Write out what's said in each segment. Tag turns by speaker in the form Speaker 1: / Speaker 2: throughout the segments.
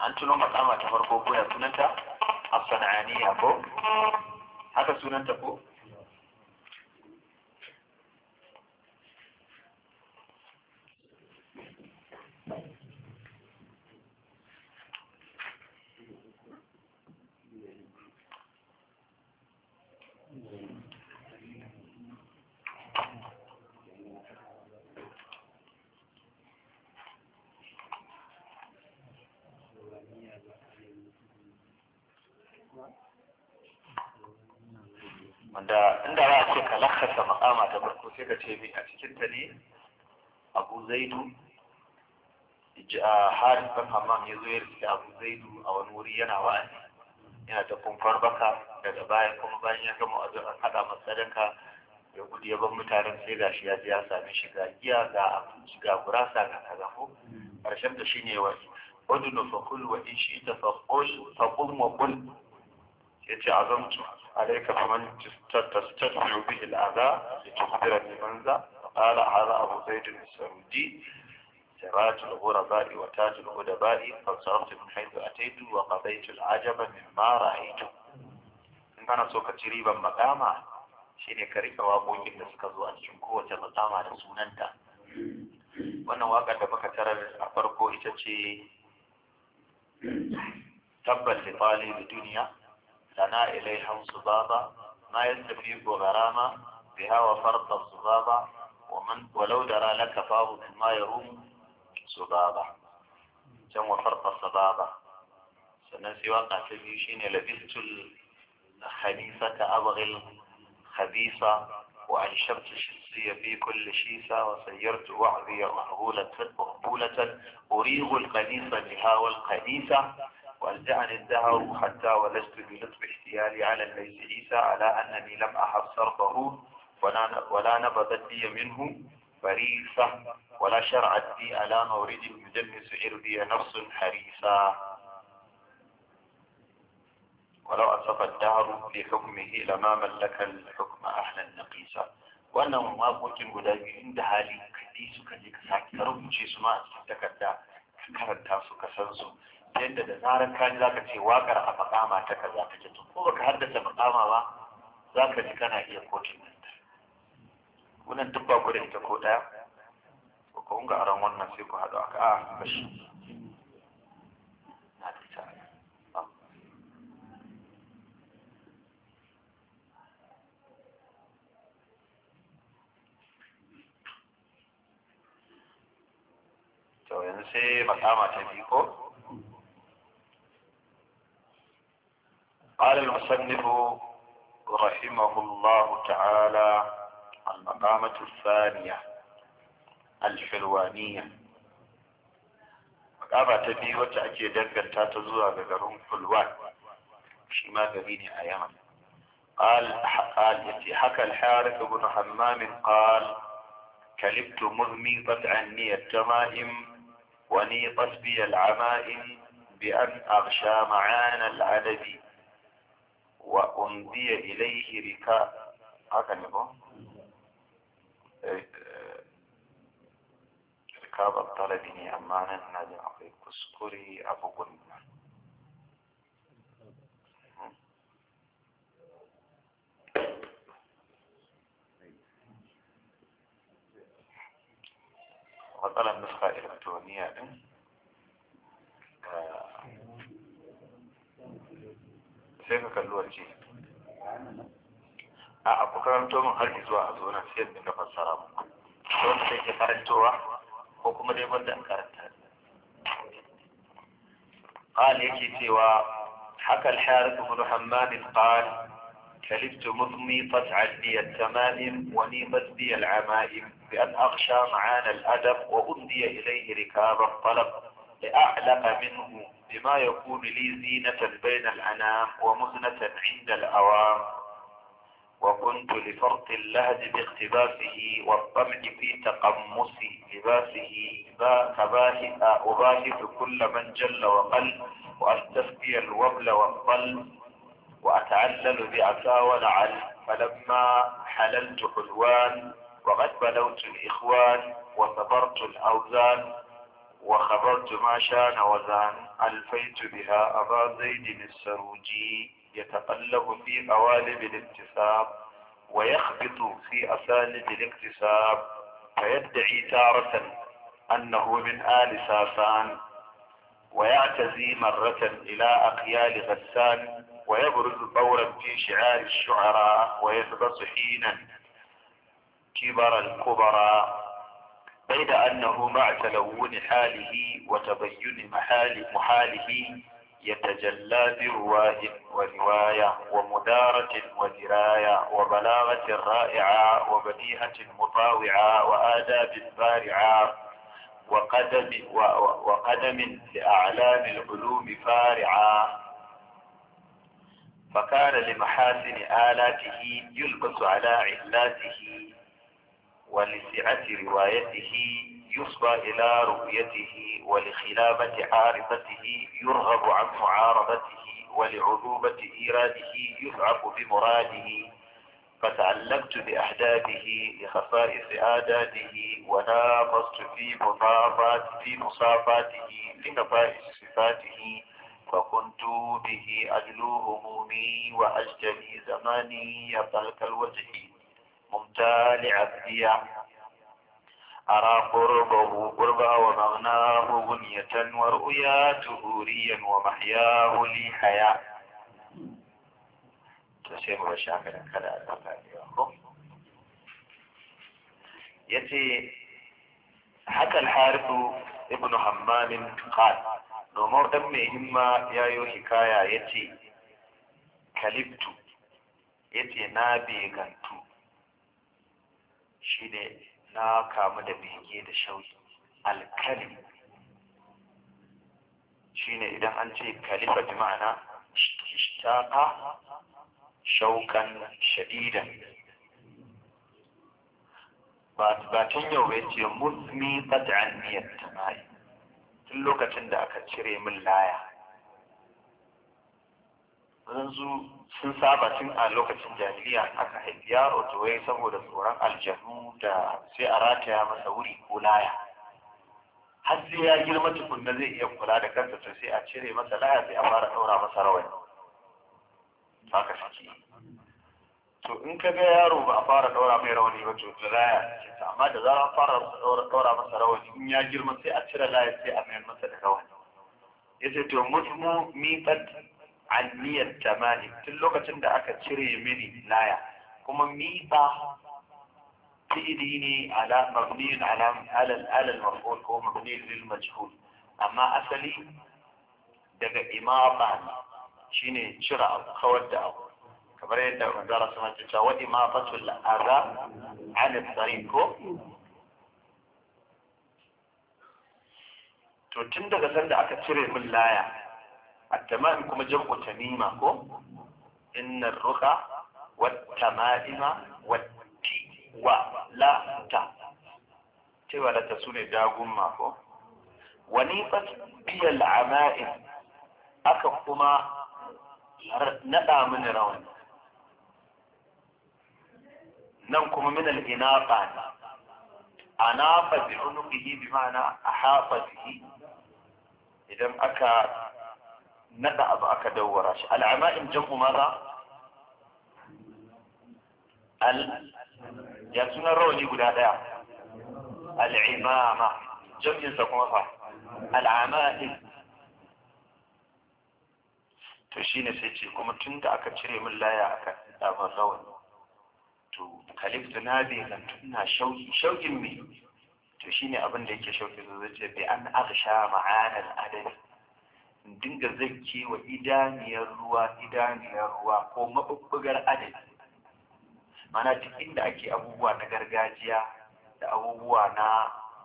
Speaker 1: an tuno makama ta farko ko ya sunanta as-sananiya ko haka sunanta ko sai ka ce mai a cikinta ne abu zainu jihar ban hamam ya zo ya rike abu zainu a wani wuri yana wa'azi yana ta kumfar baka daga bayan kuma bayan ya gama wajen an haɗa masa ya gudu ya ban mutanen sai ga shi ya je ya sami shi ga giya ga abinci ga gurasa ga kaza ko ƙarshen da shine wa udnu fa kul wa in shi ta fa ya ce azon cu a dai ka saman tattastar yobi ila'aza da ke kudura ne banza a ƙara hara abu zai da da ba ta lahura wa ta ta lahura ba'i haidu a taidu wa ka bai ta mara haidu in kana so ka ci riban makama shi ne ka riƙa waƙoƙin da suka zo a cikin kowace makama da sunanta wannan waƙar da muka tarar a farko ita ce tabbas da duniya لنا إليهم صبابة ما يستفيد غرامة بها وفرط الصبابة ومن ولو درى لك فاه ما يروم صبابة كم وفرط الصبابة سنسي وقع تبيشين لبست الخبيثة أبغي الخبيثة وأنشرت شخصية في كل شيسة وسيرت وعظي مقبولة أريغ القديسة بها والقديسة وألجعني الدهر حتى ولست بلطف احتيالي على الليث عيسى على أنني لم أحب صرفه ولا نبضت لي منه فريسة ولا شرعت لي على مورد يدنس عرضي نفس حريسة ولو أصف الدهر لحكمه لما ملك الحكم أهلا نقيسة wannan ما قلت biyu inda hali kaɗi suka je ka sake rubuce su ma a cikin yadda da zarar kaji za ka ce wakar a makama ta kaza ta ce to ko baka haddasa makama ba za ka ji kana iya kotun nan wannan duk ba ku da ita ko ɗaya, ko kun ga ran wannan sai ku haɗu aka a ah, bashi na da ita ah. to yanzu sai makama ta biyu ko قال المصنف رحمه الله تعالى المقامة الثانية الحلوانية مقامة تبي وتأتي دنجا تاتزوها بقرون حلوان شما قبيني أيام قال قال حكى الحارث بن حمام قال كلبت مذ عني التمائم ونيطت بي العمائم بأن أغشى معان العدد wa umdiya ilaihi rika haka ne ko rika ba talabi ne amma nan na jin akwai kuskure a bugun matsalar nuska elektroniyya din sai ka kalli waje a abu karanto min har zuwa a zonan sai da ka fassara mu wanda sai ke karantowa ko kuma dai wanda an karanta قال يكي سوى حكى الحارث بن حمام قال كلبت مضمي قطعت بي التمائم ونيمت بي العمائم بأن أخشى معانا الأدب وأمضي إليه ركاب الطلب لأعلق منه بما يكون لي زينة بين الأنام ومزنة عند الأوام وكنت لفرط اللهج باقتباسه والطمع في تقمص لباسه فباهث كل من جل وقل وأستسقي الوبل والضل وأتعلل بأسى ولعل فلما حللت حلوان وقد بلوت الإخوان وصبرت الأوزان وخبرت ما شان وزان ألفيت بها أبا زيد السروجي يتقلب في قوالب الاكتساب ويخبط في أسالب الاكتساب فيدعي تارة أنه من آل ساسان ويعتزي مرة إلى أقيال غسان ويبرز طورا في شعار الشعراء ويثبت حينا كبر الكبراء بيد أنه مع تلون حاله وتبين محال محاله يتجلى برواه ورواية ومدارة ودراية وبلاغة رائعة وبديهة مطاوعة وآداب بارعة وقدم, وقدم لأعلام العلوم فارعة فكان لمحاسن آلاته يلبس على علاته ولسعة روايته يصبى إلى رؤيته ولخلافة عارضته يرغب عن معارضته ولعذوبة إيراده يضعف بمراده فتعلمت بأحداثه لخصائص آداته ونافست في مصافات في مصافاته لنفائس صفاته فكنت به أجلو همومي وأجتلي زماني يا الوجه ممتاع لعبديا أرى قربه قربا ومغناه غنية ورؤيا تهوريا ومحياه لي حياة تسيب وشامل كلا يتي حكى الحارث ابن حمام قال نومو دم إما يا يو حكاية يتي كلبت يتي نابي غنتو Shi ne na kamu da bege da shauki alkalim ne idan an ce kalifa bi ma'ana shtaka shaukan shadidan ba tun yau bai ce musmi qat'an niyyat tamai tun lokacin da aka cire min laya yanzu sun saba tun a lokacin jahiliya aka haifi yaro to wai saboda tsoron aljanu da sai a rataya masa wuri ko laya har sai ya girma tukunna zai iya kula da kansa to sai a cire masa laya sai a fara ɗaura masa rawani haka suke to in ka ga yaro ba a fara ɗaura mai rawani ba to da laya amma da za a fara ɗaura masa rawani in ya girma sai a cire laya sai a mayar masa da rawani yace to mu miqat an jama'i tun lokacin da aka cire mini laya kuma mi ba fi'ili ne ala mabniyin ala alal alal maf'ul ko mabniyin lil majhul amma asali daga imaba ne shine cire abu kawar da abu kamar yadda manzara suna cewa wa imabatul adha ala tariq ko to tun daga sanda aka cire min laya التمائم كما جمع تميمة كو إن الرخى والتمائم والتي ولا تا تيوا لا تسوني داغم ماكو ونيفت بي العمائم أكا كما نقع من رون ننكم من الإناقة أناقة بعنقه بمعنى أحاط به إذا أكا naɗa abu aka dawwara shi al'ama'in jam'u maza al ya sunan rawani guda ɗaya al'imama jam'insa kuma fa al'ama'in to shi ne sai ce kuma tun da aka cire min laya kan ɗaban rawani to kalifta na bai zan tunna shauki shaukin to shi ne abin da yake shauƙin zai ce bai an arsha ma'anar adadi dinga zake wa idaniyar ruwa idaniyar ruwa ko mabubbugar adadi mana duk inda ake abubuwa na gargajiya da abubuwa na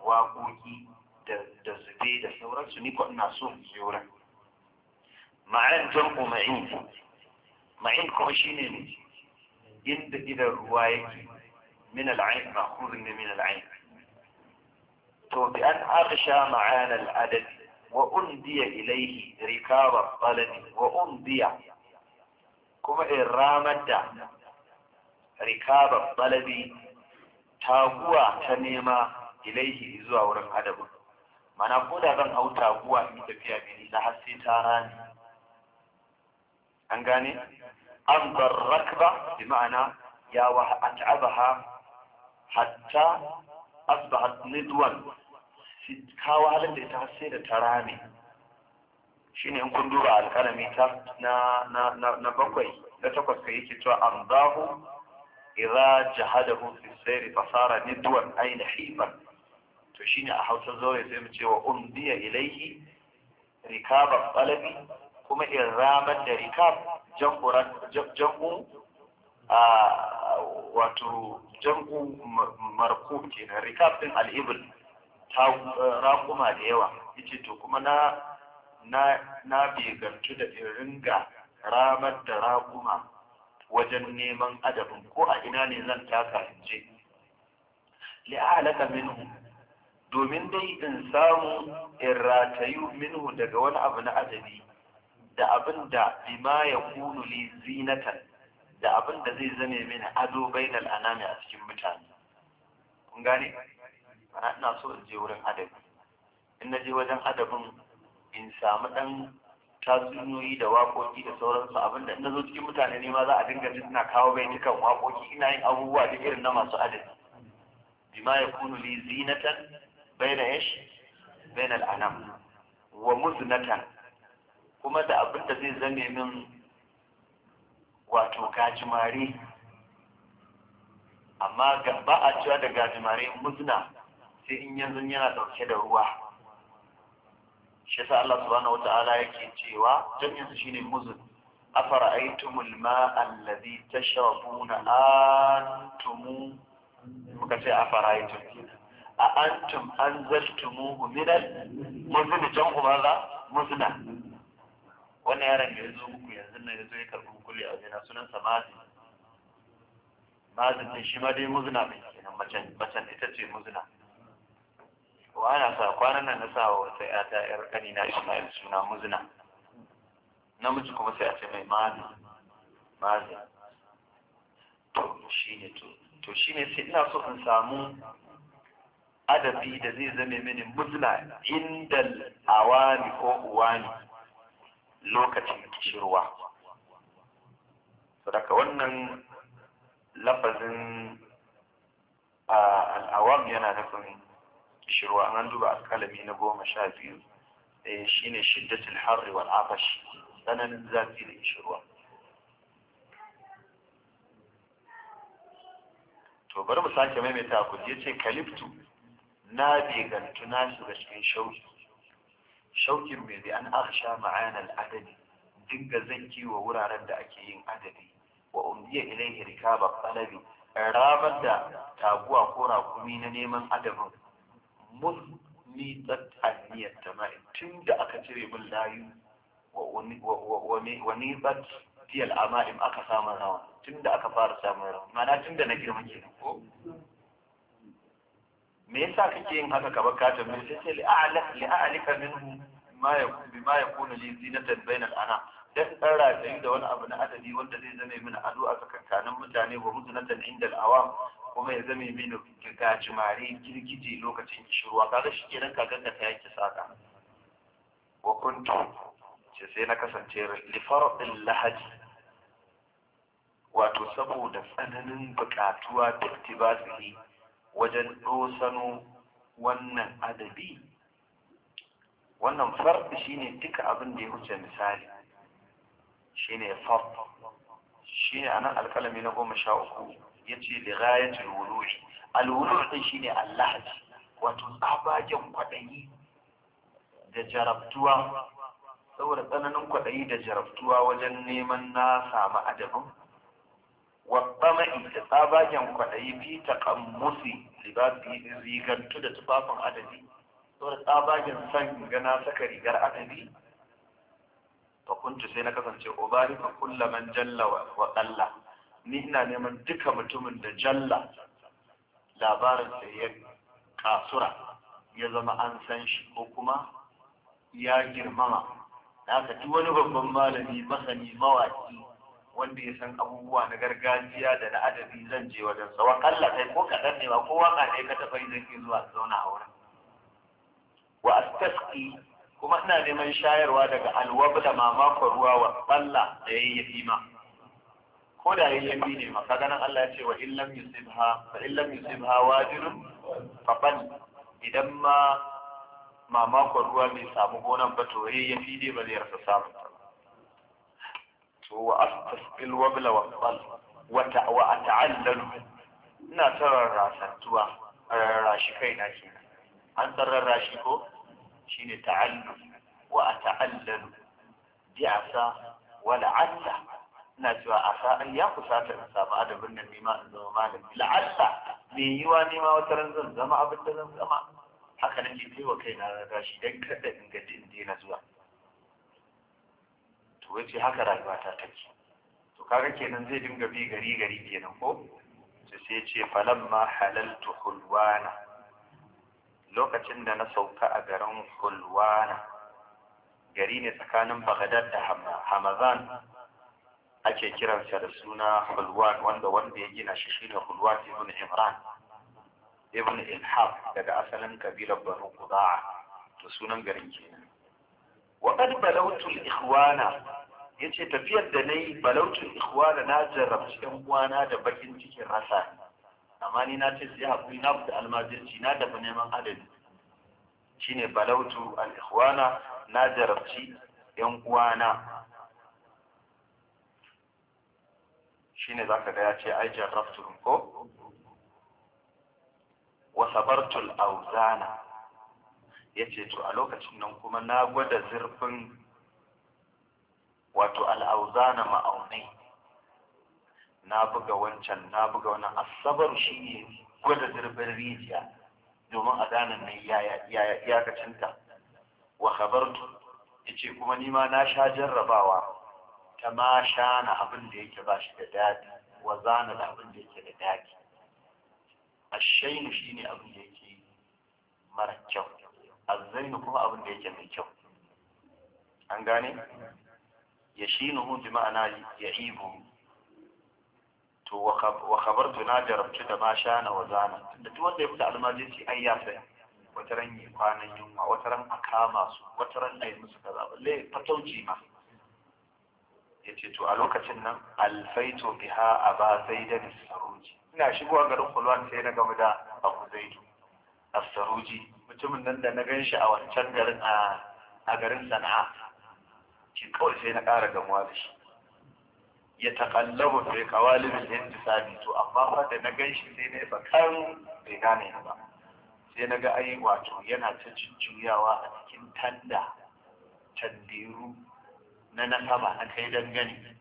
Speaker 1: waƙoƙi da zube da sauransu ni ko ina so in je ma'an jam'u ma'in ma'in kuma shine ne inda idan ruwa yake min al'ain ma'khudun min al'ain to bi an aqsha ma'an al'adadi wa undiya ilaihi rikaba qalami wa undiya kuma in ramar da rikaba qalami taguwa ta nema ilaihi zuwa wurin adabin mana ko da zan hau in tafiya bini na har ta rani an gane an bar rakba ya wa at'abaha shi kawo halin da ita sai da ta rame shi ne in kun duba alƙalami ta na bakwai da takwas ka yake cewa an zahu idza jahadahu fi sayri fasara nidwan aina himan to shine a Hausa zaure sai mu ce umdiya ilaihi rikaba qalabi kuma irramat da rikab jam'urat jam'u a wato jam'u markub kenan rikab din al-ibl Eh, raƙuma da yawa yace to kuma na na na begantu da ringa ramar da raƙuma wajen neman adabin ko a ina ne zan taka in je li'alaka minhu domin dai in samu in ratayu minhu daga wani abu na adabi da abin da bima ya kunu li zinatan da abin da zai zame mini ado bainal anami a cikin mutane kun gane ana ina so in je wurin adabi in na je wajen adabin in samu ɗan tatsuniyoyi da waƙoƙi da sauransu abinda in na zo cikin mutane ne ma za a dinga jin ina kawo bai dukan waƙoƙi ina yin abubuwa da irin na masu adabi bima ya kunu li zinatan bayna ish bayna al'anam wa muznatan kuma da abinda zai zame min wato gajimare amma ba a cewa da gajimare muzna sai in yanzu yana dauke da ruwa shi yasa Allah subhanahu wataala yake cewa jami'in yanzu shine muzun afara'aytumul ma'a allazi tashrabuna antum muka ce afara'aytum a antum anzaltumuhu min al-muzn jam'u maza muzna wannan yaron da ya zo muku yanzu ne ya zo ya karɓi kulli a jina sunan sa mazin mazin din shi ma dai muzna ne kenan macen ita ce muzna wa sa kwanan nan na sawa wata yata yar kani na Ismail suna muzna namiji kuma sai a ce mai mazi mazi to ne to to ne sai ina so in samu adabi da zai zame mini muzna inda awani ko uwani lokacin kishirwa daga wannan lafazin ah, al'awam yana nufin شروع عن دوبا أتكلمي نبوه مشافي شين شدة الحر والعطش أنا نزلت لي شروع تو برضو ساعة ما متى أكون جيت كليبتو نادي عن تناس بس كان شوي شوكي مني أن أخشى معانا العدني دقة زنكي وورا رد أكيين عددي وأمدي إليه ركاب قلبي رابد تابوا كورا كمين نيمن عدمه mun nitsar aniyar tamai tun da aka cire min layu wa nitsar tiyal ama'im aka samun rawa tun da aka fara samun rawa mana tun da na girma kenan ko me yasa kake yin haka kaba ka tambaye sai sai li'alif li'alika minhu ma yakun bima yakunu li zinatan bainal ana dan dan ratayi da wani abu na adadi wanda zai zame mini ado a tsakankanin mutane wa muzunatan indal awam kuma ya zame mini gajimare girgije lokacin kishirwa kaga shi kenan kagan da ta yake saka wa kuntu ce sai na kasance lifaradin lahaji wato saboda tsananin bukatuwa da tibasihi wajen dosano wannan adabi wannan farɗi shine duka abin da ya wuce misali shine farɗi shine anan alkalami na goma sha uku yace li ghayatil wulu'i al wulu' din shine Allah wato tsabagen kwadayi da jarabtuwa saboda tsananin kwaɗayi da jarabtuwa wajen neman na samu adabin Wabbama da tsabagen kwaɗayi fi taqammusi libasi rigantu da tufafin adabi saboda tsabagen san gana saka rigar adabi fa kuntu sai na kasance ubari fa kulla jalla wa qalla ni ina neman duka mutumin da jalla labarinsa ya kasura ya zama an san shi ko kuma ya girmama haka duk wani babban malami masani mawaki wanda ya san abubuwa na gargajiya da na adadi zan je wajen sa wakalla kai ko kaɗan ne ba ko waka ne ka taɓa yi zan zuwa zauna a wurin wa astasqi kuma ina neman shayarwa daga alwabda mamakon ruwa wa balla da yayyafi ma ko da yayyen bi ne maka ganin Allah ya ce wa in lam yusibha fa in lam yusibha wajirun faqad idan ma mamakon ruwa mai samu gonan ba to yayyen bi ne ba zai rasa samu to wa astasqil wabla wa qal wa ta'wa ata'allalu ina tarar rasantuwa rarrashi kaina kenan an tarar rashi ko shine ta'allu wa ata'allalu bi'asa wa la'alla ina cewa a sa'an ya kusata in samu adabin nan nema in zama malami la'alla me yiwa nema wata ran zan zama abin da zan zama haka nake kai wa kaina na tashi dan kada in gaji in daina zuwa to wace haka rayuwa ta take to kaga kenan zai dinga bi gari gari kenan ko to sai ce falamma halaltu hulwana lokacin da na sauka a garin hulwana gari ne tsakanin bagadad da hamazan ake kiransa da suna hulwan wanda wanda ya gina shi shine hulwan ibn imran ibn ilhab daga asalin kabilar banu qudaa to sunan garin kenan wa qad balawtu al-ikhwana yace tafiyar da nayi balawtu al-ikhwana na jarrabci yan uwana da bakin cikin rasa amma ni na ce sai hakuri na fita almajirci na tafi neman adadi shine balawtu al-ikhwana na jarrabci yan uwana shine zaka ga ya ce ai jarrabtuhum ko wa sabartul auzana yace to a lokacin nan kuma na gwada zurfin wato al'auzana ma'aunai na buga wancan na buga wannan asabar shi ne gwada zurfin rijiya domin a gane nan ya kacinta wa khabartu yace kuma ni ma na sha jarrabawa ta ma shana abin da yake ba shi da daɗi wa zana da abin da yake da daɗi ashainu shi ne abin da yake mara kyau azzainu kuma abin da yake mai kyau an gane ya shi nuhu bi ma'ana ya ibu to wa khabar na jarabci da ma shana wa zana tunda duk wanda ya fita almajirci ai ya sai wata ran yi kwanan yunwa wata ran a kama su wata ran a yi musu kaza balle fatauci ma ya ce to a lokacin nan alfaito biha a ba zaidan saruji ina shigowa garin kulwan sai na gamu da abu A saruji mutumin nan da na gan shi a wancan garin a garin sana'a shi kawai sai na ƙara gamuwa da shi ya taƙallabu bai kawalibin yin sami to amma ba da na gan shi sai na yi bakar bai gane ba sai na ga ai wato yana ta juyawa a cikin tanda tandiru na nasaba na kai dangane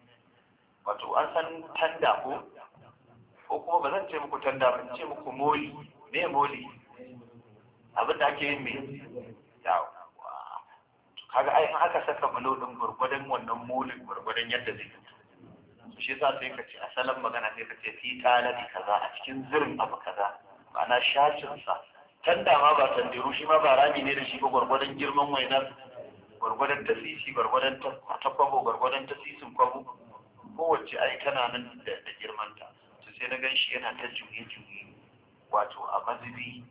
Speaker 1: wato an san tanda ko ko kuma ba zan ce muku tanda ba ce muku moli me moli abin da ake yin me yawo kaga ai in aka saka bulo din gurgurdan wannan molin gurgurdan yadda zai fito shi yasa sai ka ce salon magana sai ka ce fi talabi kaza a cikin zirin abu kaza ma'ana shashin sa tanda ma ba tandiru shi ma ba rami ne da shi ba gurgurdan girman wainar gwargwadon ta sisi gwargwadon ta kwabo gwargwadon ta sisin kwabo kowace ai tana nan da girmanta to sai na gan yana ta juye-juye wato a mazubi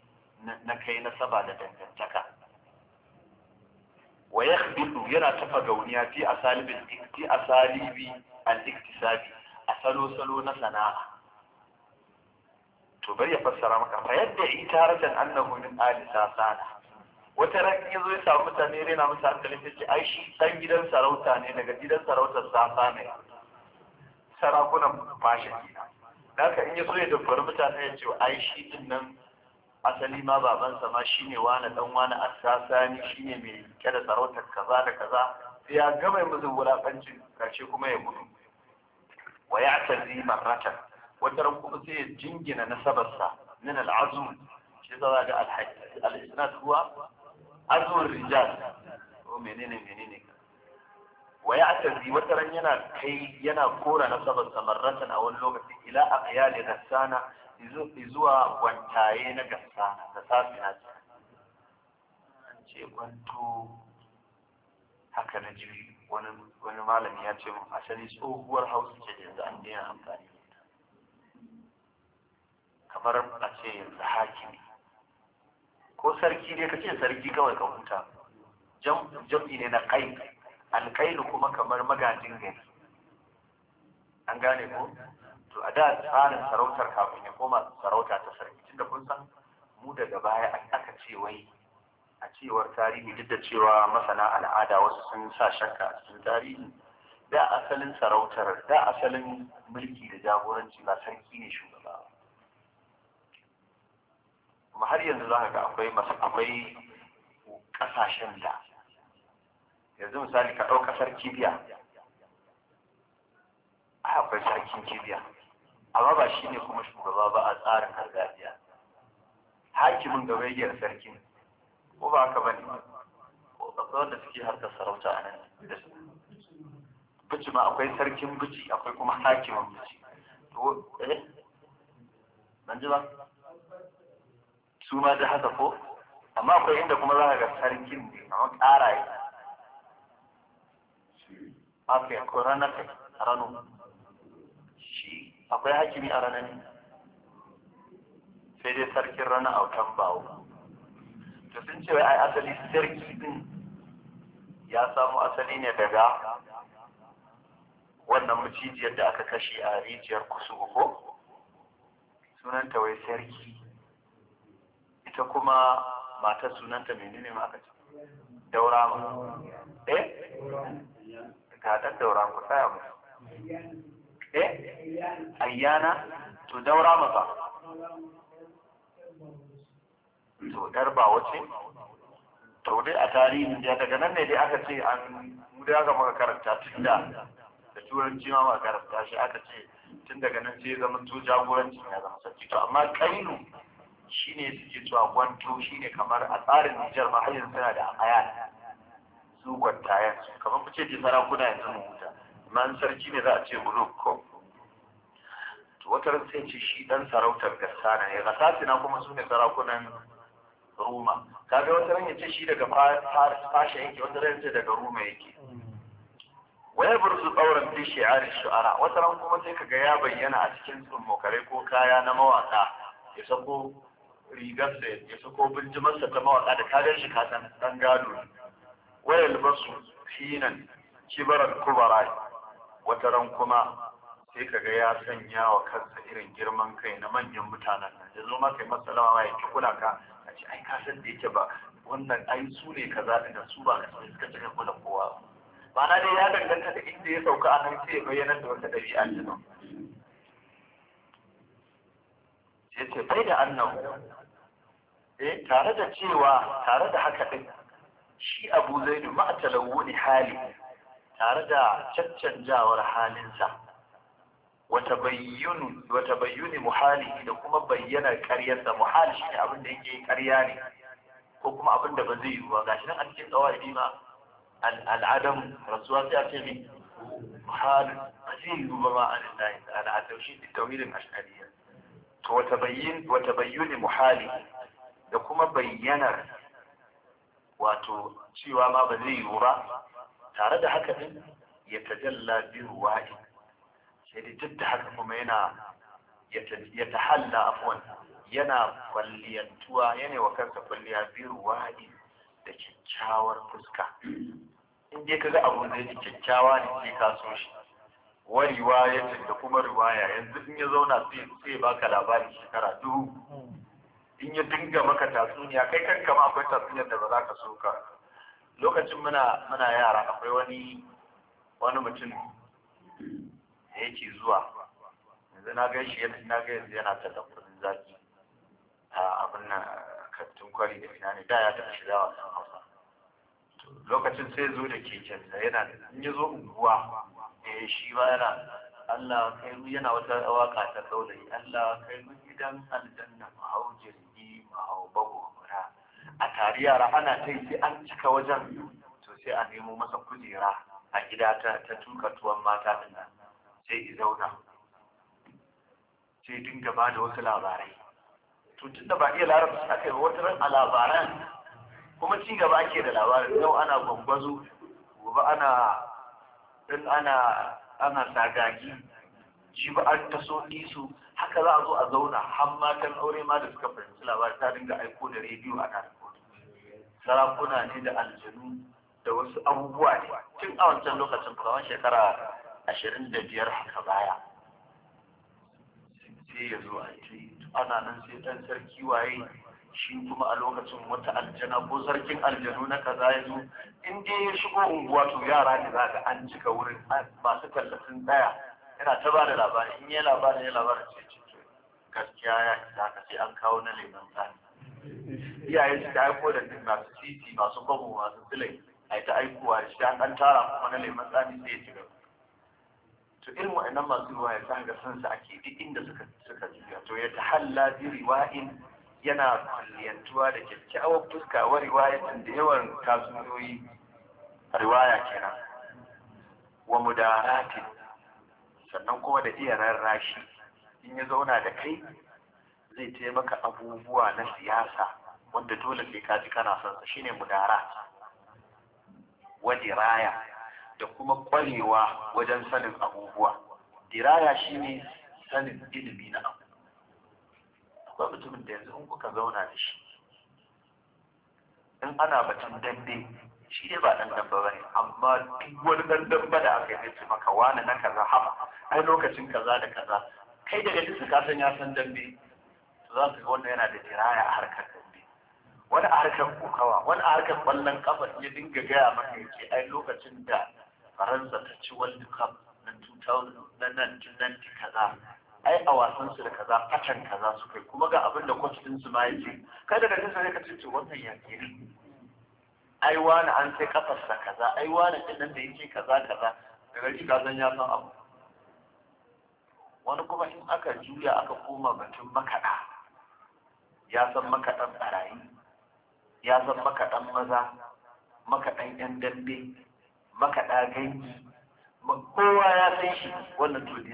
Speaker 1: na kai na saba da dangantaka wa ya yana tafa gauniya fi a salibi al-iktisabi a salo-salo na sana'a to bari ya fassara maka fa yadda ita rajan annahu min alisa sana. wata ran ya zo ya samu mutane rena masa hankali ta ce ai shi dan gidan sarauta ne daga gidan sarautar safa ne sarakunan bashi gina da haka in ya so ya dubbar mutane ya ce ai shi din nan asali ma babansa ma shine wani dan wani assasani shine mai rike da sarautar kaza da kaza sai ya gama musu wulakancin karshe kuma ya gudu wa ya tazi marratan wata ran kuma sai ya jingina nasabarsa min al'azum shi za ga al-isnad huwa azun rijal o oh, menene menene ka wa ya atazi wataran yana kai yana kora na sabar samarratan a wani lokaci ila a kayali gassana zuwa kwantaye na gassana da safi na ce an ce kwanto haka na jiri wani malami ya ce mun asali tsohuwar hausa ce yanzu an daina amfani da ita kamar a ce yanzu hakimi ko sarki ne ka ce sarki kawai ka huta jam'i ne na kai alkailu kuma kamar magajin gari an gane ko to a da tsarin sarautar kafin ya koma sarauta ta sarki tunda kun san mu daga baya aka ce wai a cewar tarihi duk da cewa masana al'ada wasu sun sa shakka a cikin tarihi da asalin sarautar da asalin mulki da jagoranci ba sarki ne shugaba kuma har yanzu za ka ga akwai masu akwai ƙasashen da yanzu misali ka ɗau ƙasar kibiya akwai sarkin kibiya amma ba shi ne kuma shugaba ba a tsarin gargajiya hakimin gaba yake sarkin ko ba haka bane akwai wanda suke harkar sarauta a nan bici ma akwai sarkin bici akwai kuma hakimin bici to eh ji ba su ma da haka ko amma akwai inda kuma za ka ga sarkin ne amma ƙara yi akai ko ranar kai rano shi akwai hakimi a ranar sai dai sarkin rana a autan bawo to sun ce ai asali sarki din ya samu asali ne daga wannan maciji da aka kashe a rijiyar kusurko sunanta wai sarki ita kuma matar sunanta menene ma aka ce daura ma eh ta ɗan daura ku tsaya mu eh ayyana to daura ma ba to dar ba wace to dai a tarihin da daga nan ne dai aka ce an mu da aka maka karanta tunda da turanci ma karanta shi aka ce tun daga nan sai ya zama to jagorancin ya zama sarki to amma kainu shine ne suke cewa gwanto shi ne kamar a tsarin nijar ma hanyar suna da amaya su gwantayen su kamar mu ce sarakuna yanzu mu huta man sarki ne za a ce buluk ko wata ran sai ce shi dan sarautar gasana ne na kuma sune sarakunan roma kaga wata ran ya ce shi daga fasha yake wata ran ce daga roma yake
Speaker 2: waya burzu tsauran
Speaker 1: fi shi'ar shu'ara wata ran kuma sai kaga ya bayyana a cikin tsummokare ko kaya na mawaka ya sako rigarsa ya sako binjimarsa ta mawaƙa da kayan shi kasan ɗan gado wayar basu hinan kibarar kubara ran kuma sai kaga ya sanya wa kansa irin girman kai na manyan mutanen nan ya zo maka masa lawa ya ki kula ka a ce ai ka san da yake ba wannan ai su ne ka zaɓi da su ba ka san suka cika kula kowa ma'ana dai ya danganta da inda ya sauka a nan sai ya bayyana da wata ɗabi'a ta nan yace bai da annahu eh tare da cewa tare da haka ɗin shi abu zaidu ma talawuni hali tare da caccanjawar halinsa wata bayyunu wata bayyuni muhali da kuma bayyanar karyarsa muhali shi ne abin da yake karya ne ko kuma abin da ba zai yi ba gashi nan a cikin tsawa ma al'adam rasuwa sai a ce ne muhalin ba zai yi ba ma an al'adam shi ne tawilin ashariya to wata bayyuni muhali da kuma bayyanar wato cewa ma ba zai yiwu ba tare da haka din ya tajalla bi ruwa'i sai dai duk da haka kuma yana ya tahalla afwan yana kwalliyantuwa yana wa kansa kwalliya bi ruwa'i da kyakkyawar fuska in dai kaga abu zai ji kyakkyawa ne sai ka so shi wariwa riwayatin da kuma riwaya yanzu in ya zauna sai ba ka labarin shekara duhu in ya dinga maka tatsuniya kai kanka ma akwai tatsuniyar da ba za ka so ka lokacin muna muna yara akwai wani wani mutum da yake zuwa yanzu na gan shi na ga yanzu yana ta kudin zaki a abin nan kantin kwari da ina ne da ya taɓa shiga wasan hausa lokacin sai zo da keken da yana in ya zo unguwa eh shi ba yana Allah kai mu yana wata waka ta saurayi Allah kai mu gidan aljanna mu haujiri a tari yara ana ta sai an cika wajen to sai a nemo masa kujera a gida ta tuka tuwon mata din nan sai i zauna sai dinga ba da wasu labarai to tun da ba iya larabta a kai wata ran a labaran kuma cin gaba ake da labarin yau ana gwangwazo gobe ana din ana ana sagagi shi ba an taso isu haka za a zo a zauna har matan aure ma da suka fahimci labarin ta dinga aiko da rediyo a rubutu sarakuna ne da aljanu da wasu abubuwa ne tun a wancan lokacin kuma shekara ashirin da biyar haka baya sai ya zo a ce ana nan sai ɗan sarki waye shi kuma a lokacin wata aljana ko sarkin aljanu na kaza ya zo in dai ya shigo unguwa to yara ne za an cika wurin masu tallafin tsaya yana ta ba da labari in yi labarin ya labarin ce ce gaskiya ya isa ka sai an kawo na lemon tsani iyayen shi ta aiko da masu titi masu kwabo masu filai a ta aikowa shi ta an tara kuma na lemon tsani sai ya ci gaba to irin wa'annan masu ruwa ya sa ga sansa ake duk inda suka suka juya to ya tahalla bi riwa'in yana kulliyantuwa da kyakkyawar fuska wa riwayatin da yawan tasuniyoyi riwaya kenan wa mudaratin sannan kuma da iya rarrashi in ya zauna da kai zai taimaka abubuwa na siyasa wanda dole sai ka ji kana son sa shine mudara wa diraya da kuma kwarewa wajen sanin abubuwa diraya shine sanin ilimi na abu akwai mutumin da yanzu in kuka zauna da shi in ana batun dambe shi ne ba dan damba bane amma duk wani dan damba da aka yi maka wani na kaza haba ai lokacin kaza da kaza kai daga cikin kasan ya san dambe to za su wanda yana da tiraya a harkar dambe wani a harkar kokawa wani a harkar ballon kafa ya dinga gaya maka yake ai lokacin da faransa ta ci world cup na 2000 na 1990 kaza ai a wasan su da kaza fatan kaza su kai kuma ga abin da din su ma yake kai daga cikin sai ka ce to wannan ya ke ai wani an sai kafarsa kaza ai wani ɗin da yake kaza kaza daga cikin kasan ya san abu wani kuma in aka juya aka koma batun makaɗa ya san makaɗan ɓarayi ya san makaɗan maza makaɗan yan dambe makaɗa gangi kowa ya san shi wannan to ke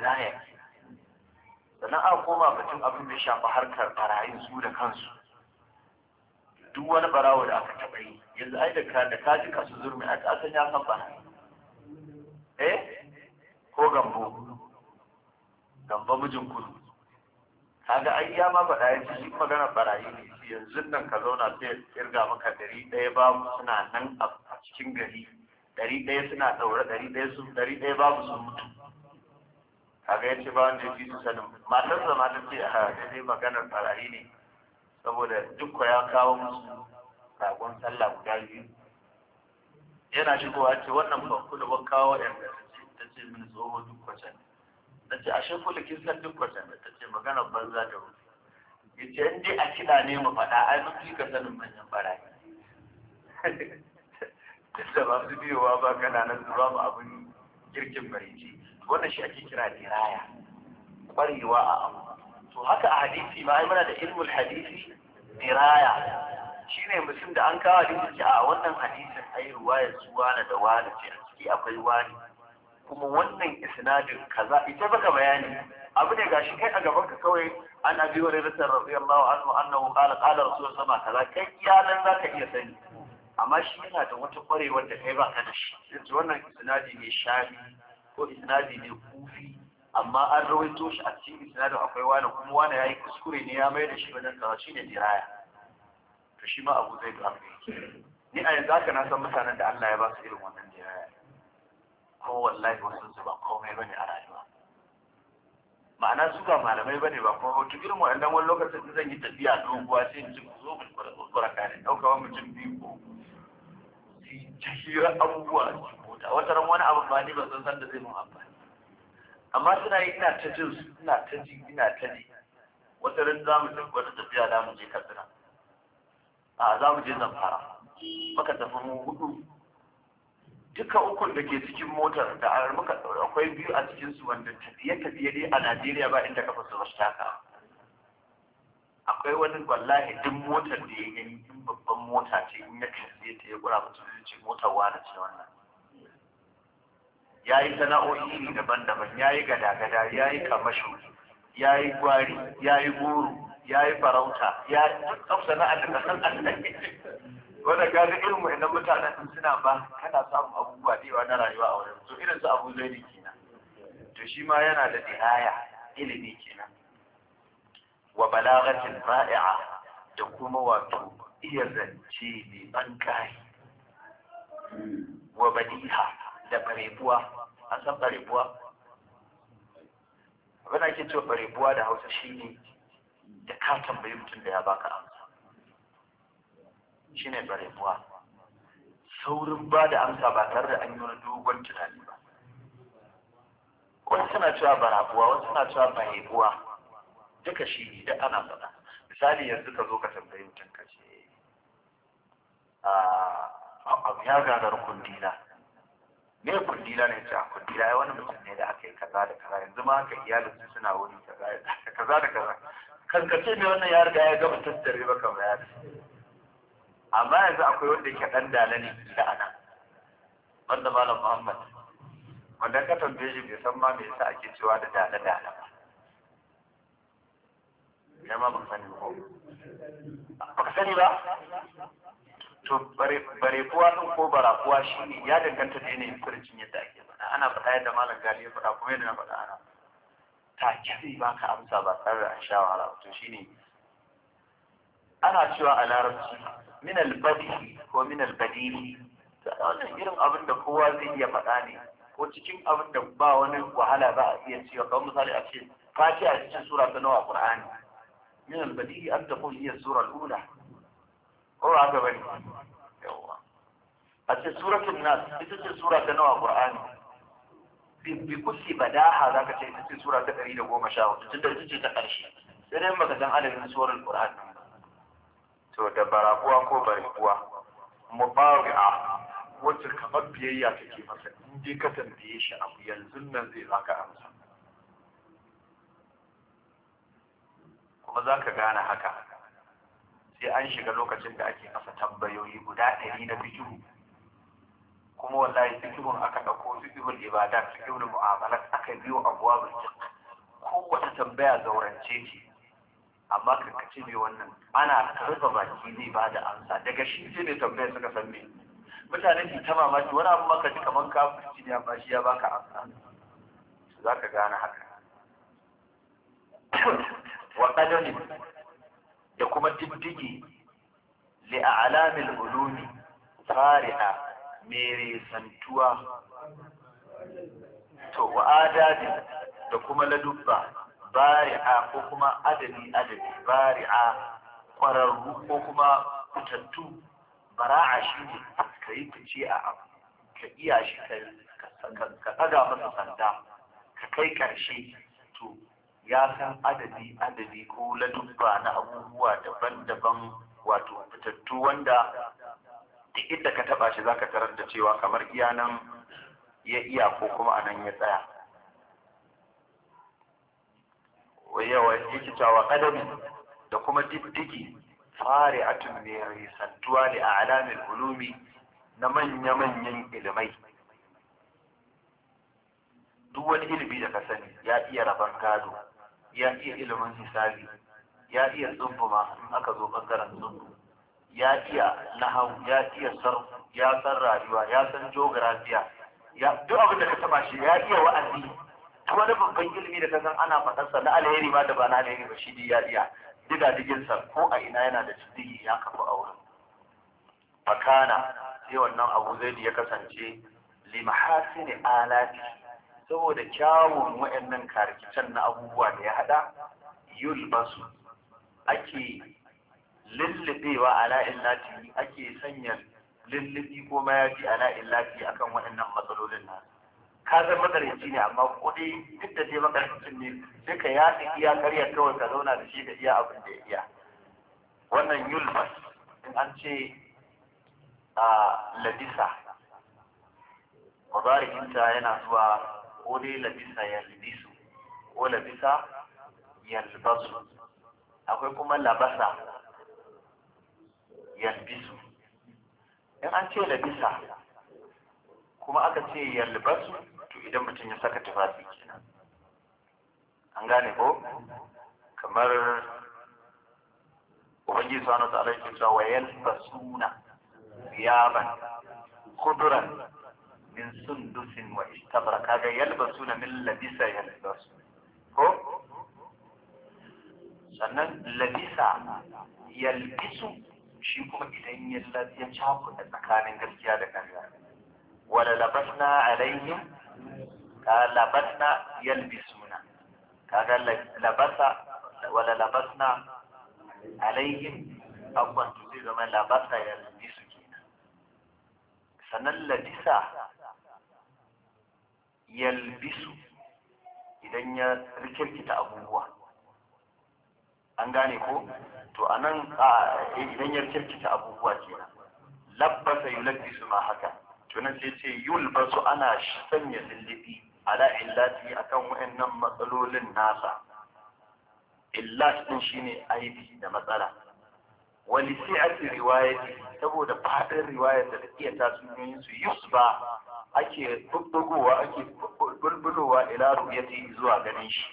Speaker 1: sannan aka koma batun abin da ya shafi harkar ɓarayin su da kansu duk wani ɓarawa da aka taɓa yi yanzu ai da ka da ka ji kasu zurmi a san ya san barayi eh ko gambo gamba mijin kudu kaga ai ya ma faɗa yanzu shi magana barayi ne yanzu nan ka zauna sai kirga maka ɗari ɗaya babu suna nan a cikin gari ɗari ɗaya suna ɗaure ɗari ɗaya su ɗari ɗaya babu sun mutu kaga ya ce ba wanda ya fi su sanin matar zama ta ce a daidai maganar barayi ne saboda duk ya kawo musu sakon sallah guda biyu yana shigowa ce wannan ba kudu ba kawo yan da ta ce min tsoho duk kwacan na ce ashe kula kin san duk wata mai ta ce magana banza da wuce ya ce in dai a kiɗa ne mu faɗa ai mun fi ka sanin manyan barayi da ba su biyowa ba kananan su ba mu abin kirkin barici wannan shi ake kira diraya ƙwarewa a abu to haka a hadisi ma ai muna da ilmul hadisi diraya shine mutum da an kawo hadisi a wannan hadisin ai ruwayar su wani da wani ce a ciki akwai wani kuma wannan isnadin kaza ita baka bayani abu ne gashi kai a gaban ka kawai an abi wa rirata radiyallahu anhu annahu qala qala rasulullah sama kaza kai iyalan zaka iya sani amma shi yana da wata kwarewar da kai baka da shi yanzu wannan isnadi ne shari ko isnadi ne kufi amma an rawaito shi a cikin isnadin akwai wani kuma wani yayi kuskure ne ya mai da shi wajen kaza shine diraya to shi ma abu zai da ni a yanzu haka na san mutanen da Allah ya ba su irin wannan diraya ko wallahi wasu su ba komai bane a rayuwa ma'ana su ba malamai bane ba kuma wata irin waɗannan wani lokacin zan yi tafiya doguwa sai in ci ku zo mu kurkura kare ɗaukawa mutum biyu ko ta abubuwa a cikin mota wata ran wani abu ba ni ba san san da zai mun amfani amma suna yi ina ta jin su ina ta ji ina ta ji wata ran za mu tafi wata tafiya za mu je katsina a za mu je zamfara maka tafi mu hudu duka ukun da ke cikin motar da a muka akwai biyu a cikin su wanda tafiye tafiye dai a Najeriya ba inda kafa su basu taka akwai wani wallahi duk motar da ya gani duk babban mota ce in ya kalle ta ya kura mutum zai ce motar wani ce wannan ya yi sana'o'i ne daban-daban ya yi gada-gada ya yi kamasho ya yi gwari ya yi goro ya yi farauta ya yi duk sana'ar da wanda ka ga irin wa'annan mutanen sun suna ba kana samun abubuwa da yawa na rayuwa a wurin so irin su abu zaidi kenan to shi ma yana da diraya ilimi kenan wa balagatin ra'i'a da kuma wato iya zance mai bankai wa badiha da barebuwa an san barebuwa abin ake cewa barebuwa da hausa shine da ka tambayi mutum da ya baka amsa shine barebuwa saurin ba da amsa ba tare da an yi wani dogon tunani ba wasu suna cewa barabuwa wasu suna cewa barebuwa duka shi ne da ana faɗa misali yanzu ka zo ka tambayi mutum ka ce a ah, ya gagar kundina me kundina ne ce a ah, kundina ya wani mutum ne da aka yi kaza da kaza yanzu ma aka iyalin su suna wuri kaza da kaza kankace ne wannan ya riga ya gama tattare maka bayani amma yanzu akwai wanda yake dan dana ne da ana wanda malam Muhammad wanda ka tambaye shi bai san ma me yasa ake cewa da dana. dala ba ya ma ba sani ko ba ka sani ba to bare kuwa din ko bara kuwa ne ya danganta da yanayin kurcin yadda ake faɗa ana faɗa yadda malam gali ya faɗa kuma yadda na faɗa ana take zai ka amsa ba tare da shawara sha to shine ana cewa a larabci min albadihi ko min albadihi wannan irin abin da kowa zai iya faɗa ne ko cikin abin da ba wani wahala ba a iya cewa kamar misali a ce fati a cikin sura ta nawa qur'ani min albadihi an taqul hiya sura al-ula ko haka bane yawa a ce suratul nas ita ce sura ta nawa qur'ani bikulli badaha za ka ce ita ce sura ta ɗari da goma sha hudu tun da ita ce ta ƙarshe sai dai maka san adadin surar Qur'an so da barakuwa ko barikuwa mubari'a wacce kamar biyayya take masa in dai ka tambaye shi abu yanzu nan zai ka amsa kuma za ka gane haka sai an shiga lokacin da ake masa tambayoyi guda ɗari na fikiru kuma wallahi fikirun aka ɗauko fikirun ibada fikirun mu'amalat aka biyo abuwa bincik kowace tambaya zaurance ce amma karkace mai wannan ana karba baki zai ba da amsa daga shi sai ne tambaya suka san me mutane ki ta mamaki wani abu maka ji kamar kafirci ne amma shi ya baka amsa za ka gane haka wa qadamin da kuma diddigi li a'lamil ulumi tsari'a mere santuwa to wa adadi da kuma ladubba bari'a ko kuma adadi adadi bari'a kwararru ko kuma fitattu bara'a shi ne ka yi fice a abu ka iya shi ka ɗaga masa sanda ka kai ƙarshe to ya san adadi adadi ko ladubba na abubuwa daban-daban wato fitattu wanda duk inda ka taɓa shi za ka tarar da cewa kamar iya nan ya iya ko kuma a nan ya tsaya yake cewa ƙadamin da kuma diddigi fari atun mai risantuwa ne a alamin ulumi na manya-manyan ilimai duk wani ilimi da ka sani ya iya rabon gado ya iya ilimin hisabi ya iya tsumbuma in aka zo ɓangaren tsumbu ya iya nahau ya iya sarfu ya san rayuwa ya san geographiya ya duk abin da ka taba shi ya iya wa'azi wani babban ilimi da kasan ana faɗarsa na alheri ma da ba na alheri ba shi ya iya diga sa ko a ina yana da sidigi ya kafa a wurin makana sai wannan abu zai ya kasance limahasini alati saboda kyawun wa'annan karkicen na abubuwa da ya hada yulbasu ake lillibewa ala illati ake sanya lillibi ko mayafi ala illati akan waɗannan matsalolin nasu ka zai makaryaci ne amma kudi duk da je makarcin ne duka ya yaɗi iya karya kawai ka zauna da shi da iya abin da ya iya wannan yulmas in an ce a labisa mubarikinta yana zuwa ko dai labisa ya labisu ko labisa ya labasu akwai kuma labasa ya labisu in an ce labisa kuma aka ce ya labasu idan mutum ya saka tufafi kenan an gane ko kamar ta subhanahu wa ta'ala yake cewa yalbasuna thiyaban khudran min sundusin wa istabra kaga yalbasuna min labisa yalbasu ko sannan labisa yalbisu shi kuma idan ya cakuɗa tsakanin gaskiya da ƙarya wala labasna alaihim ka labasna yalbisuna kaga labasa wala labasna alaihim abubuwan su zai zama labasa yalbisu kenan sannan labisa yalbisu idan ya rikirkita abubuwa an gane ko to a nan idan ya rikirkita abubuwa kenan labasa yulabbisu ma haka to nan sai ce yulbasu ana sanya lullubi ala illati akan wa'annan matsalolin nasa illat din shine aibi da matsala wani si'ati riwayati saboda fadin riwayar da take ta sunan su yusba ake bubbugowa ake bulbulowa ila ru'yati zuwa ganin shi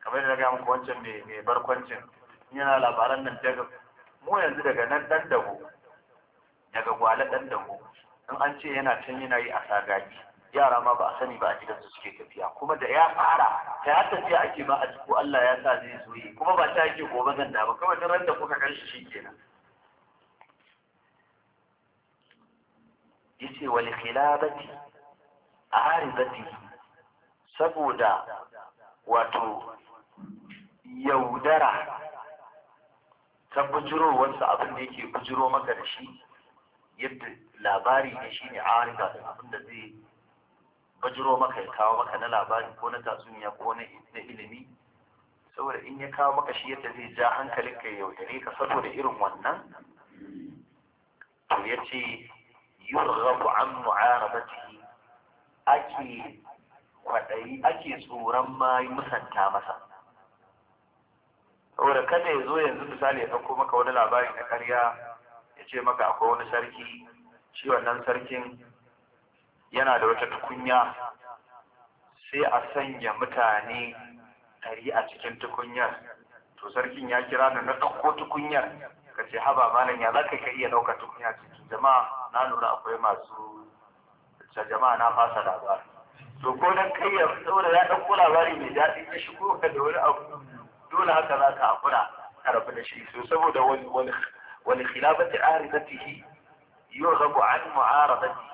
Speaker 1: kamar da ga muku wancan mai mai barkwancin yana labaran nan daga mu yanzu daga nan dan dago daga gwale dan dago in an ce yana can yana yi a sagagi yara ma ba a sani ba a gidansu suke tafiya kuma da ya fara ta ya tafiya ake ba a jiko Allah ya sa zai zo yi kuma ba ta ake gobe zan da ba kawai duk da kuka kan shi kenan yace wal khilabati aribati saboda wato yaudara ta bujirowarsa abin da yake bujiro maka da shi yadda labari ne shi ne shine ariba abin da zai bajiro maka ya kawo maka na labari ko na tatsuniya ko na ilimi saboda in ya kawo maka shi yadda zai ja hankalin ka yaudare ka saboda irin wannan to ya ce yurghabu an mu'arabatihi ake kwaɗayi ake tsoron ma musanta masa saboda kada ya zo yanzu misali ya ɗauko maka wani labari na karya ya ce maka akwai wani sarki ciwon nan sarkin yana da wata tukunya sai a sanya mutane ɗari a cikin tukunyar to sarkin ya kira da na ɗauko tukunyar ka ce haba malam ya za ka iya ɗauka tukunya cikin jama'a na lura akwai masu ta jama'a na fasa labari to ko nan kai ya saboda ya ɗauko labari mai daɗi ya shigo ka da wani abu dole haka za ka haƙura a rabu da shi so saboda wani wani wani khilafati aridatihi yurghabu an mu'aradatihi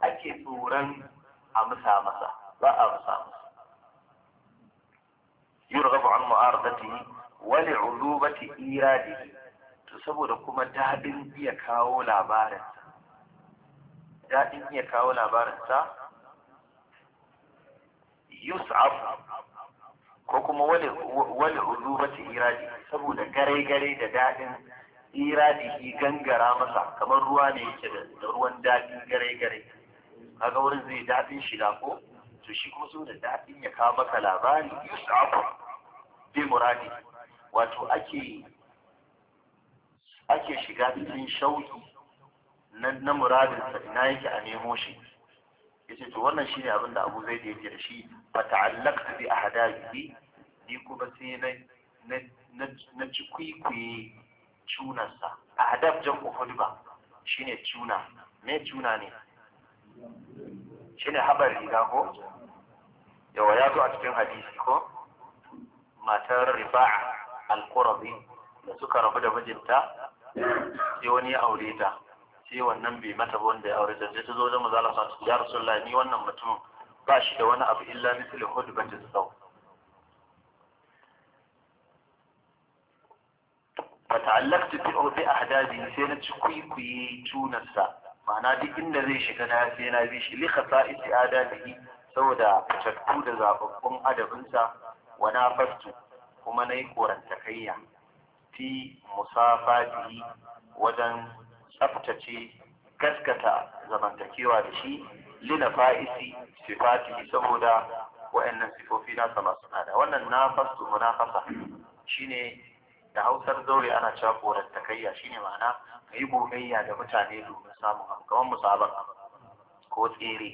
Speaker 1: ake tsoron a musa masa ba a musa masa yurghabu an mu'aradatihi wa li'ulubati iradihi to saboda kuma daɗin iya kawo labarin daɗin iya kawo labarin sa yus'af ko kuma wal da iradi saboda gare gare da da iradi gangara masa kamar ruwa ne yake da ruwan daɗi gare gare kaga wurin zai daɗin shiga ko to shi kuma so da daɗin ya kawo maka labari yusufu bi muradi wato ake ake shiga cikin shauki na na muradin sa ina yake a nemo shi yace to wannan shine abin da Abu Zaid yake da shi fa ta'allaqtu bi ahdabihi ni kuma sai na na na ci cunarsa ahdab jan uhudu ba shine cuna me cuna ne shine haɓar riga ko yawa ya zo a cikin hadisi ko matar rifa'a al-qurabi da suka rabu da mijinta sai wani ya aure ta sai wannan bai mata ba wanda ya aure ta sai ta zo zama maza Allah sa ya rasulullahi ni wannan mutum ba shi da wani abu illa misli ta saw fata'allaqtu bi ahdabi sai na ci kuyi kuyi tunarsa ma'ana duk inda zai shiga na sai na bi shi likasa isti'ada bihi saboda fitattu da zababbun adabinsa wa na fastu kuma na yi korantakayya fi musafatihi wajen tsaftace gaskata zamantakewa da shi lina fa'isi sifatihi saboda wa'annan sifofi na sama suna da wannan na munafasa shine da hausar zaure ana cewa korantakayya shine ma'ana ka yi gogayya da mutane domin samun abu kamar musabar ko tsere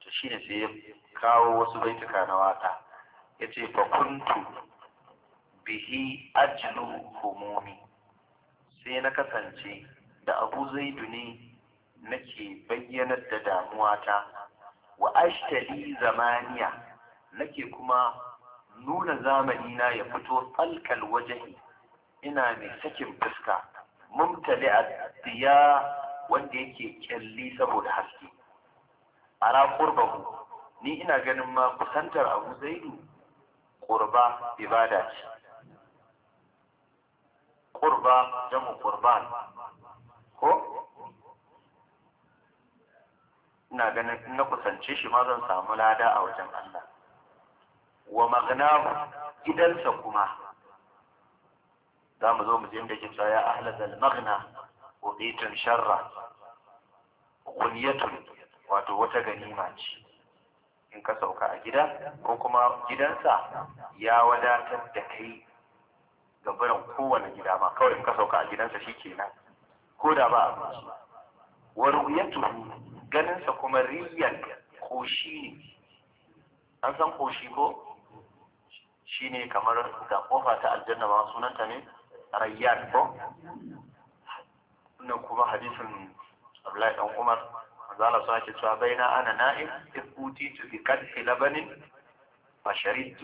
Speaker 1: to shine sai kawo wasu baituka na wata ya ce fakuntu bihi ajlu homomi sai na kasance da abu zaidu ne nake bayyanar da damuwata wa ashtali zamaniya nake kuma nuna zamanina ya fito tsalkal wajahi ina mai sakin fuska Mumtali a diya wanda yake kyalli saboda haske ana qurbahu ni ina ganin ma kusantar Abu Zaidu kurba ibada ce Kurba, jamu kurban, ko ina ganin na kusance shi ma zan samu lada a wajen Allah wa magana gidansa kuma za mu zo mu je inda kimsa ya ahla zal maghna sharra kunyatun wato wata ganima ce in ka sauka a gida ko kuma gidansa ya wadatar da kai ga barin kowane gida ma kawai in ka sauka a gidansa shi kenan ko da ba wa ru'yatu ganinsa kuma riyan koshi ne an san koshi ko shine kamar ga kofa ta aljanna ma sunanta ne ريان بو نكو حديث عبد الله بن عمر قال صاحي سوا بين انا نائم تفوتي تذكر في لبن فشربت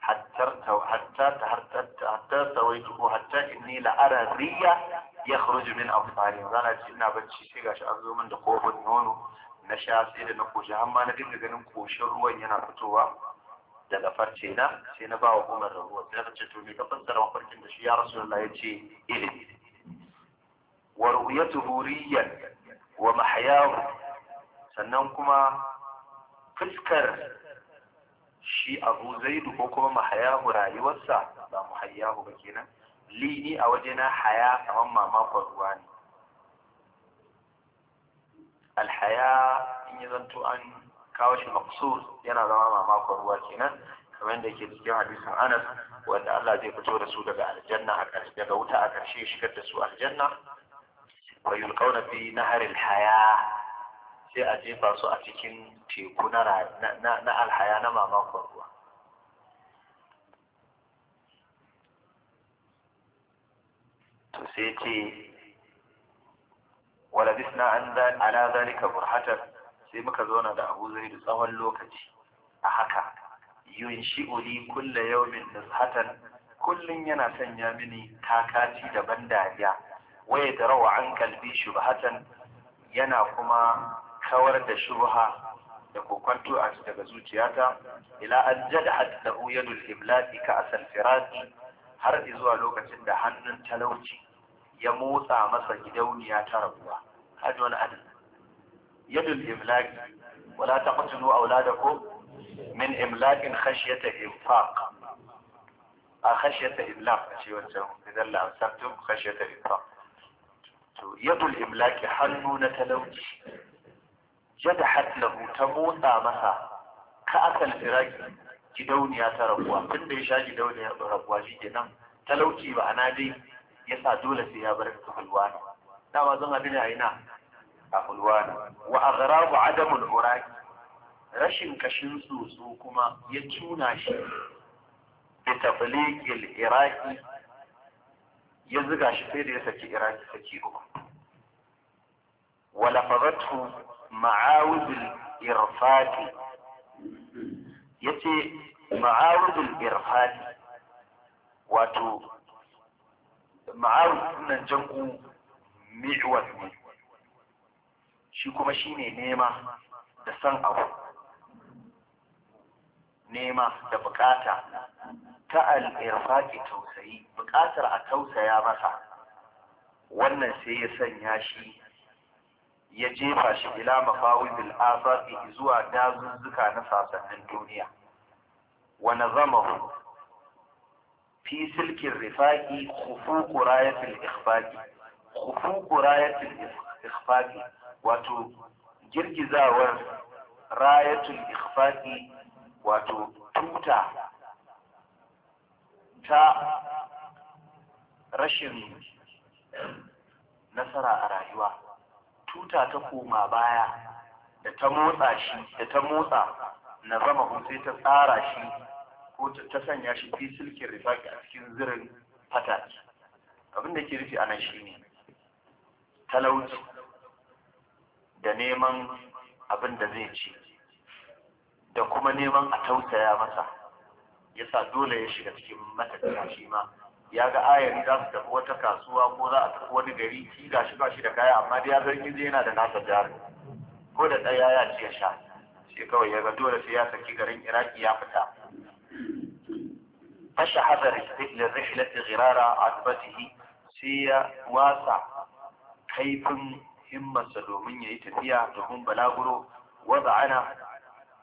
Speaker 1: حتى حتى حتى حتى سويت حتى اني لا ارى ريا يخرج من ابصاري قال ان بنشي شيء غش من دقوب نونو نشا سيد نكو جهما نديم غنم كوشر وين ينا daga farce na sai na bawa Umar da ruwa sai ce to me ka fassara mafarkin da shi ya Rasulullah yace ilimi wa ru'yatuhu riyan wa mahyahu sannan kuma fuskar shi Abu Zaidu ko kuma mahayahu rayuwarsa ba muhayyahu ba kenan li a a na haya kamar mamakon ruwa ne alhaya in yi zanto an kawo shi maqsus yana zama mamakon ruwa kenan kamar yadda yake cikin hadisin Anas wanda Allah zai fito da su daga aljanna a ƙarshe daga wuta a ƙarshe shigar da su aljanna wa yulqawna fi naharil haya sai a jefa su a cikin teku na na alhaya na mamakon ruwa to sai ce ولبثنا على ذلك برهة sai muka zauna da abu zai da tsawon lokaci a haka yun shi'uli kulla yaumin nishatan. kullum yana sanya mini kakaci da ban dariya
Speaker 2: waye da rawa
Speaker 1: an kalbi shubhatan yana kuma kawar da shubha da kokwanto a daga zuciyata ila an jadhat lahu yadul imlati ka asal firati har zuwa lokacin da hannun talauci ya motsa masa gidauniya ta rabuwa hajji wani adin yadul imlaki wala taqtulu auladakum min imlakin khashyata infaq a khashyata imlaq ce wancan idan la amsaktum khashyata infaq to yadul imlaki hannu na talauci jadahat lahu ta motsa masa ka asal firaki gidauniya ta rabuwa tun da ya sha gidauniya rabuwa shi kenan talauci ba dai ya sa dole sai ya bar ta dama zan haɗu a ina a ulwana wa aghrabu adamul uraki rashin kashin tsotso kuma ya tuna shi bi tafliqil iraki ya zuga shi sai da ya saki iraki saki uku wa lafazatu ma'awizul irfati yace ma'awizul irfati wato ma'awuz nan janku mi'was ne shi kuma shi ne nema da san abu nema da bukata ta al'irfaƙi tausayi bukatar a tausaya masa wannan sai ya sanya shi ya jefa shi ila mafawin bil'afaƙi zuwa dazuzzuka na sasannin duniya wani zama fi silkin rifaƙi khufuqu rayatil ikhfaqi khufuqu rayatil ikhfaqi wato girgizawar rayatul ikhfa'i wato tuta ta rashin nasara a rayuwa tuta ta koma baya da ta motsa shi da ta motsa na zama sai ta tsara shi ko ta sanya shi fi silkin rifaki a cikin zirin fataki abin da ke rufe a shi ne talauci da neman abin da zai ci da kuma neman a tausaya masa ya sa dole ya shiga cikin matafiya shi ma ya ga ayari za su tafi wata kasuwa ko za a tafi wani gari shi ga shi ba shi da kaya amma dai ya zargi zai yana da nasa jari ko da ɗaya ya ya sha shi kawai ya ga dole sai ya saki garin iraki ya fita zai hazar rihlati ghirara a sai ya wasa kaifin himmarsa domin ya yi tafiya domin balaguro wadda ana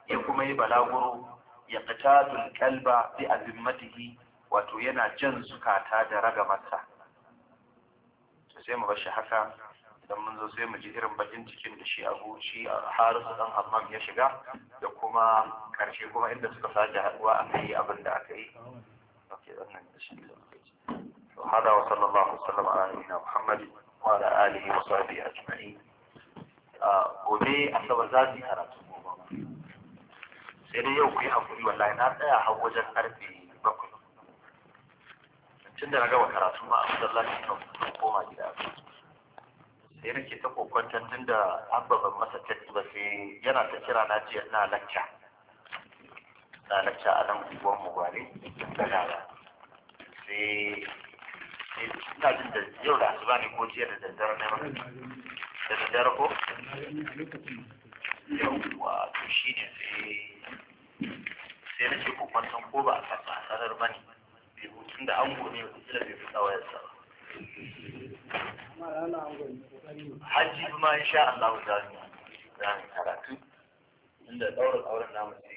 Speaker 1: ya kuma yi balaguro ya ƙatatun kalba bi azimmatihi wato yana jan zukata da ragamarsa to sai mu bashi haka idan mun zo sai mu ji irin bakin cikin da shi abu shi harisu dan hammam ya shiga da kuma karshe kuma inda suka sake haɗuwa aka yi abin da aka yi وعلى آله وصحبه أجمعين gobe asabar za su yi karatu gobe ba sai dai yau ku yi hakuri wallahi na tsaya har wajen karfe bakwai tun da na gaba karatu ma a masallaci kan koma gida sai nake ta kokwantar tun da abban masa tattu ba sai yana ta kira na jiya na lacca na lacca a nan unguwar mu gwale da yara sai ina jin da yau da asuba ne ko jiya da daddare ne ba da daddare ko yawwa to shi ne sai na ce ko kwanton ko ba a sanar ba ne bai hutun da an gobe ba kila bai fita wayarsa ba hajji ma insha Allah za mu karatu inda ɗaurin auren namu sai